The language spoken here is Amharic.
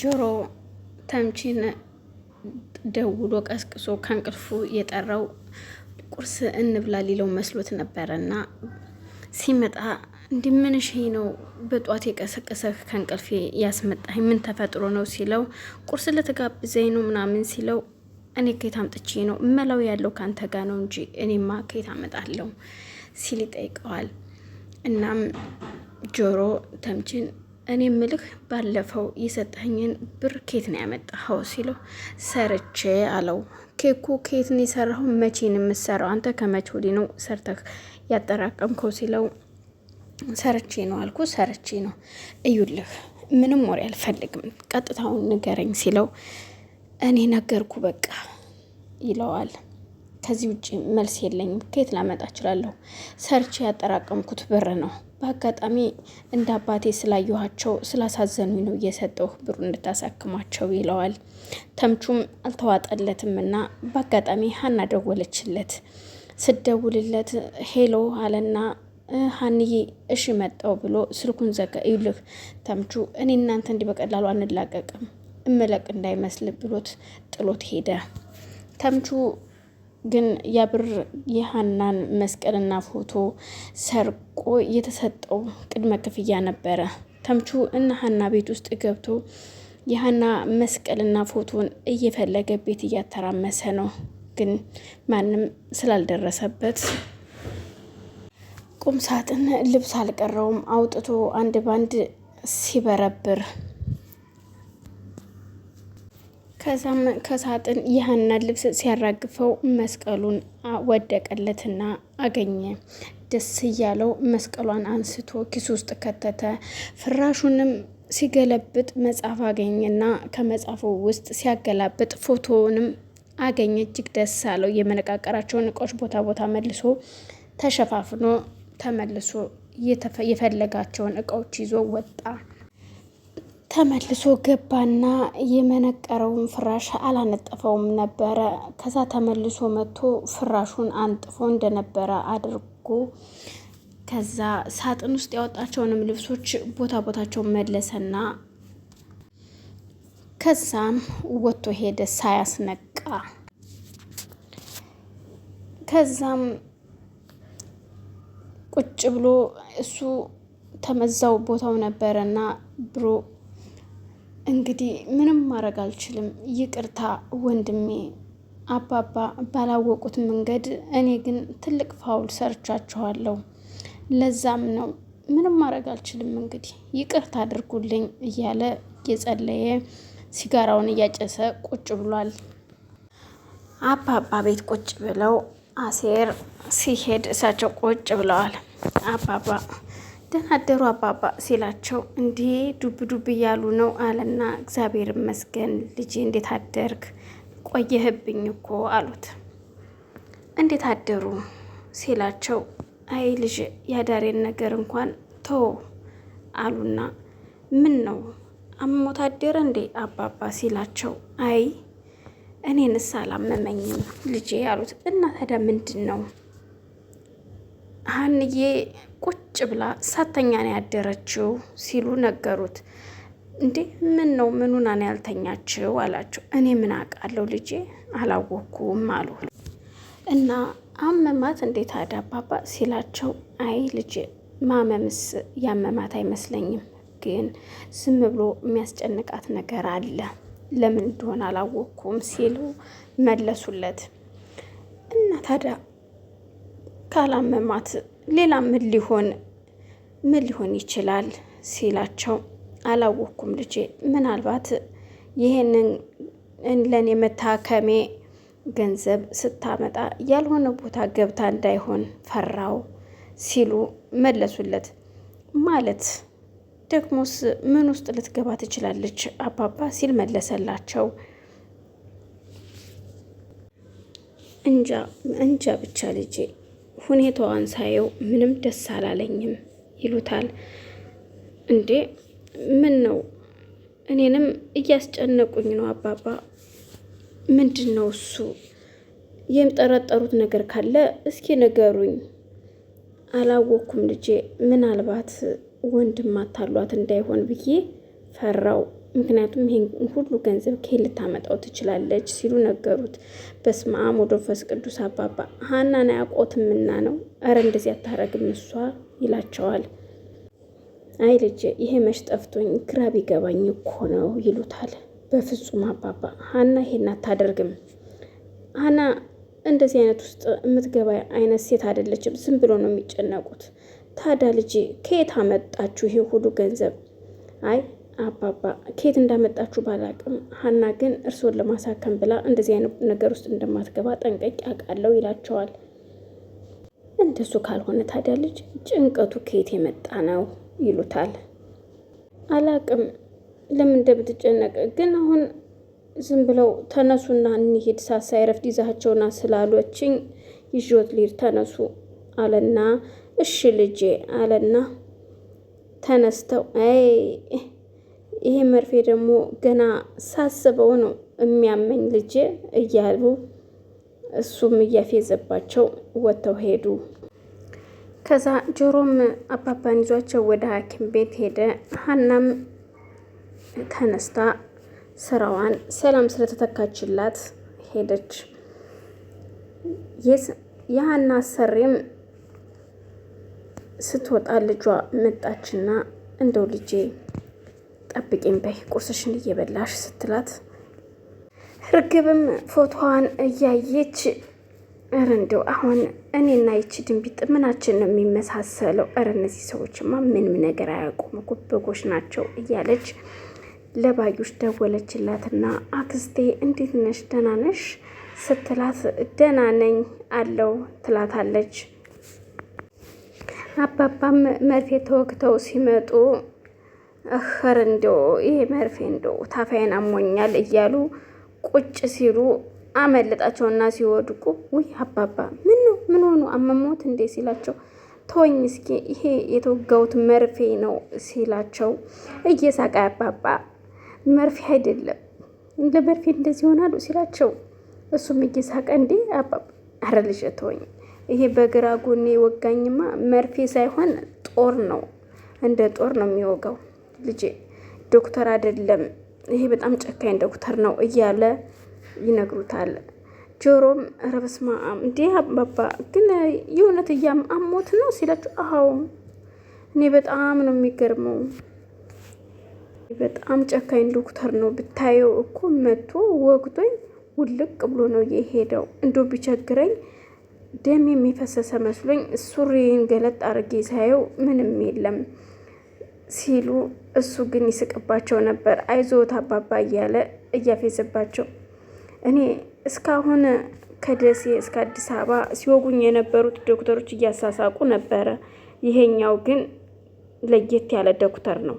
ጆሮ ተምችን ደውሎ ቀስቅሶ ከእንቅልፉ የጠራው ቁርስ እንብላ ሊለው መስሎት እና ሲመጣ እንዲምንሽ ነው በጧት የቀሰቀሰህ ከእንቅልፍ ያስመጣ ምን ተፈጥሮ ነው ሲለው ቁርስ ልትጋብዘኝ ነው ምናምን ሲለው እኔ ከየት አምጥቼ ነው እመላው ያለው ከአንተ ጋር ነው እንጂ እኔማ ከየት አመጣለሁ ሲል ይጠይቀዋል። እናም ጆሮ ተምችን እኔ ምልህ ባለፈው የሰጠኝን ብር ኬት ነው ያመጣኸው? ሲለው ሰርቼ አለው። ኬኩ ኬት ነው የሰራኸው? መቼ ነው የምትሰራው? አንተ ከመቼ ወዲህ ነው ሰርተህ ያጠራቀምከው? ሲለው ሰርቼ ነው አልኩ፣ ሰርቼ ነው። እዩልህ፣ ምንም ወሬ አልፈልግም፣ ቀጥታውን ንገረኝ ሲለው እኔ ነገርኩ በቃ ይለዋል። ከዚህ ውጭ መልስ የለኝም። ኬት ላመጣ እችላለሁ? ሰርቼ ያጠራቀምኩት ብር ነው በአጋጣሚ እንደ አባቴ ስላየኋቸው ስላሳዘኑኝ ነው እየሰጠው ብሩ እንድታሳክማቸው ይለዋል። ተምቹም አልተዋጠለትም እና በአጋጣሚ ሀና ደወለችለት። ስደውልለት ሄሎ አለና ሀንዬ እሺ መጣው ብሎ ስልኩን ዘጋ። ይልህ ተምቹ እኔ እናንተ እንዲህ በቀላሉ አንላቀቅም እመለቅ እንዳይመስል ብሎት ጥሎት ሄደ ተምቹ ግን ያብር የሀናን መስቀልና ፎቶ ሰርቆ የተሰጠው ቅድመ ክፍያ ነበረ። ተምቹ እና ሀና ቤት ውስጥ ገብቶ የሀና መስቀልና ፎቶን እየፈለገ ቤት እያተራመሰ ነው። ግን ማንም ስላልደረሰበት ቁም ሳጥን ልብስ አልቀረውም አውጥቶ አንድ ባንድ ሲበረብር ከሳጥን የሀናን ልብስ ሲያራግፈው መስቀሉን ወደቀለትና አገኘ። ደስ እያለው መስቀሏን አንስቶ ኪስ ውስጥ ከተተ። ፍራሹንም ሲገለብጥ መጽሐፍ አገኘና ከመጽሐፉ ውስጥ ሲያገላብጥ ፎቶውንም አገኘ። እጅግ ደስ አለው። የመነቃቀራቸውን እቃዎች ቦታ ቦታ መልሶ ተሸፋፍኖ ተመልሶ የፈለጋቸውን እቃዎች ይዞ ወጣ። ተመልሶ ገባና የመነቀረውን ፍራሽ አላነጠፈውም ነበረ። ከዛ ተመልሶ መጥቶ ፍራሹን አንጥፎ እንደነበረ አድርጎ ከዛ ሳጥን ውስጥ ያወጣቸውንም ልብሶች ቦታ ቦታቸውን መለሰና ከዛም ወጥቶ ሄደ ሳያስነቃ። ከዛም ቁጭ ብሎ እሱ ተመዛው ቦታው ነበረና ብሮ እንግዲህ ምንም ማድረግ አልችልም፣ ይቅርታ ወንድሜ። አባባ ባላወቁት መንገድ እኔ ግን ትልቅ ፋውል ሰርቻችኋለሁ። ለዛም ነው ምንም ማድረግ አልችልም፣ እንግዲህ ይቅርታ አድርጉልኝ እያለ የጸለየ ሲጋራውን እያጨሰ ቁጭ ብሏል። አባባ ቤት ቁጭ ብለው አሴር ሲሄድ እሳቸው ቁጭ ብለዋል። አባባ ደናደሩ አባባ ሲላቸው እንዲህ ዱብ ዱብ እያሉ ነው አለና፣ እግዚአብሔር ይመስገን ልጄ እንዴት አደርክ? ቆየህብኝ እኮ አሉት። እንዴት አደሩ ሲላቸው፣ አይ ልጅ ያዳሬን ነገር እንኳን ቶ አሉና፣ ምን ነው አሞት አደረ እንዴ አባባ ሲላቸው፣ አይ እኔንስ አላመመኝም ልጄ አሉት። እና ታዲያ ምንድን ነው ሀንዬ ቁጭ ብላ ሳተኛ ነው ያደረችው ሲሉ ነገሩት። እንዴ ምን ነው ምኑና ነው ያልተኛችው አላቸው። እኔ ምን አውቃለሁ ልጄ አላወኩም አሉ። እና አመማት እንዴት አዳባባ ሲላቸው፣ አይ ልጄ ማመምስ ያመማት አይመስለኝም፣ ግን ዝም ብሎ የሚያስጨንቃት ነገር አለ ለምን እንደሆነ አላወኩም ሲሉ መለሱለት። እና ታዲያ ካላመማት ሌላ ምን ሊሆን ምን ሊሆን ይችላል ሲላቸው አላወቅኩም ልጄ፣ ምናልባት ይህንን ለእኔ መታከሜ ገንዘብ ስታመጣ ያልሆነ ቦታ ገብታ እንዳይሆን ፈራው ሲሉ መለሱለት። ማለት ደግሞስ ምን ውስጥ ልትገባ ትችላለች አባባ ሲል መለሰላቸው። እንጃ እንጃ ብቻ ልጄ ሁኔታዋን ሳየው ምንም ደስ አላለኝም ይሉታል። እንዴ ምን ነው? እኔንም እያስጨነቁኝ ነው አባባ። ምንድን ነው እሱ? የሚጠረጠሩት ነገር ካለ እስኪ ንገሩኝ። አላወኩም ልጄ፣ ምናልባት ወንድም አታሏት እንዳይሆን ብዬ ፈራው ምክንያቱም ይህን ሁሉ ገንዘብ ከየት ልታመጣው ትችላለች ሲሉ ነገሩት። በስመ አብ ወመንፈስ ቅዱስ አባባ ሀናን አያውቆትምና ነው፣ እረ እንደዚህ አታረግም እሷ ይላቸዋል። አይ ልጄ ይሄ መች ጠፍቶኝ ግራ ቢገባኝ እኮ ነው ይሉታል። በፍጹም አባባ ሀና ይሄን አታደርግም። ሀና እንደዚህ አይነት ውስጥ የምትገባ አይነት ሴት አይደለችም። ዝም ብሎ ነው የሚጨነቁት። ታዲያ ልጄ ከየት አመጣችሁ ይሄ ሁሉ ገንዘብ? አይ አባባ ኬት እንዳመጣችሁ ባላቅም ሀና ግን እርስዎን ለማሳከም ብላ እንደዚህ አይነት ነገር ውስጥ እንደማትገባ ጠንቀቅ አውቃለሁ ይላቸዋል። እንደሱ ካልሆነ ታዲያ ልጅ ጭንቀቱ ከየት የመጣ ነው ይሉታል። አላቅም ለምን እንደምትጨነቅ ግን አሁን ዝም ብለው ተነሱና ሳሳይ ሳሳይረፍድ ይዛቸውና ስላሎችኝ ይዤዎት ልሂድ ተነሱ አለና እሺ ልጄ አለና ተነስተው አይ ይሄ መርፌ ደግሞ ገና ሳስበው ነው የሚያመኝ ልጄ እያሉ እሱም እያፌዘባቸው ወጥተው ሄዱ። ከዛ ጆሮም አባባን ይዟቸው ወደ ሐኪም ቤት ሄደ። ሀናም ተነስታ ስራዋን ሰላም ስለተተካችላት ሄደች። የሀና አሰሪም ስትወጣ ልጇ መጣችና እንደው ልጄ ጠብቂኝ በይ ቁርስሽን እየበላሽ ስትላት ርግብም ፎቶዋን እያየች እረ እንደው አሁን እኔና ይቺ ድንቢጥ ምናችን ነው የሚመሳሰለው? እረ እነዚህ ሰዎችማ ምንም ነገር አያውቁም እኮ በጎች ናቸው እያለች ለባዩሽ ደወለችላትና አክስቴ እንዴት ነሽ ደህና ነሽ ስትላት ደህና ነኝ አለው ትላታለች። አባባም መርፌ ተወግተው ሲመጡ እህር እንዶ ይሄ መርፌ እንዶ ታፋይን አሞኛል እያሉ ቁጭ ሲሉ አመለጣቸውና ሲወድቁ ውይ አባባ ምን ነው ምን ሆኑ አመሞት እንዴ ሲላቸው ተወኝ እስኪ ይሄ የተወጋሁት መርፌ ነው ሲላቸው እየሳቃ አባባ መርፌ አይደለም ለመርፌ እንደዚህ ይሆናሉ ሲላቸው እሱም እየሳቀ እንዴ አባባ አረ ልጄ ተወኝ ይሄ በግራ ጎኔ ወጋኝማ መርፌ ሳይሆን ጦር ነው እንደ ጦር ነው የሚወጋው ልጄ ዶክተር አይደለም ይሄ በጣም ጨካኝ ዶክተር ነው እያለ ይነግሩታል። ጆሮም ረበስማ በስመ አባባ ግን የእውነት እያም አሞት ነው ሲላችሁ፣ አዎ እኔ በጣም ነው የሚገርመው በጣም ጨካኝ ዶክተር ነው ብታየው እኮ መቶ ወግቶኝ ውልቅ ብሎ ነው የሄደው። እንዶ ቢቸግረኝ ደም የሚፈሰሰ መስሎኝ ሱሪን ገለጥ አድርጌ ሳየው ምንም የለም። ሲሉ እሱ ግን ይስቅባቸው ነበር። አይዞት አባባ እያለ እያፌዘባቸው እኔ እስካሁን ከደሴ እስከ አዲስ አበባ ሲወጉኝ የነበሩት ዶክተሮች እያሳሳቁ ነበረ። ይሄኛው ግን ለየት ያለ ዶክተር ነው።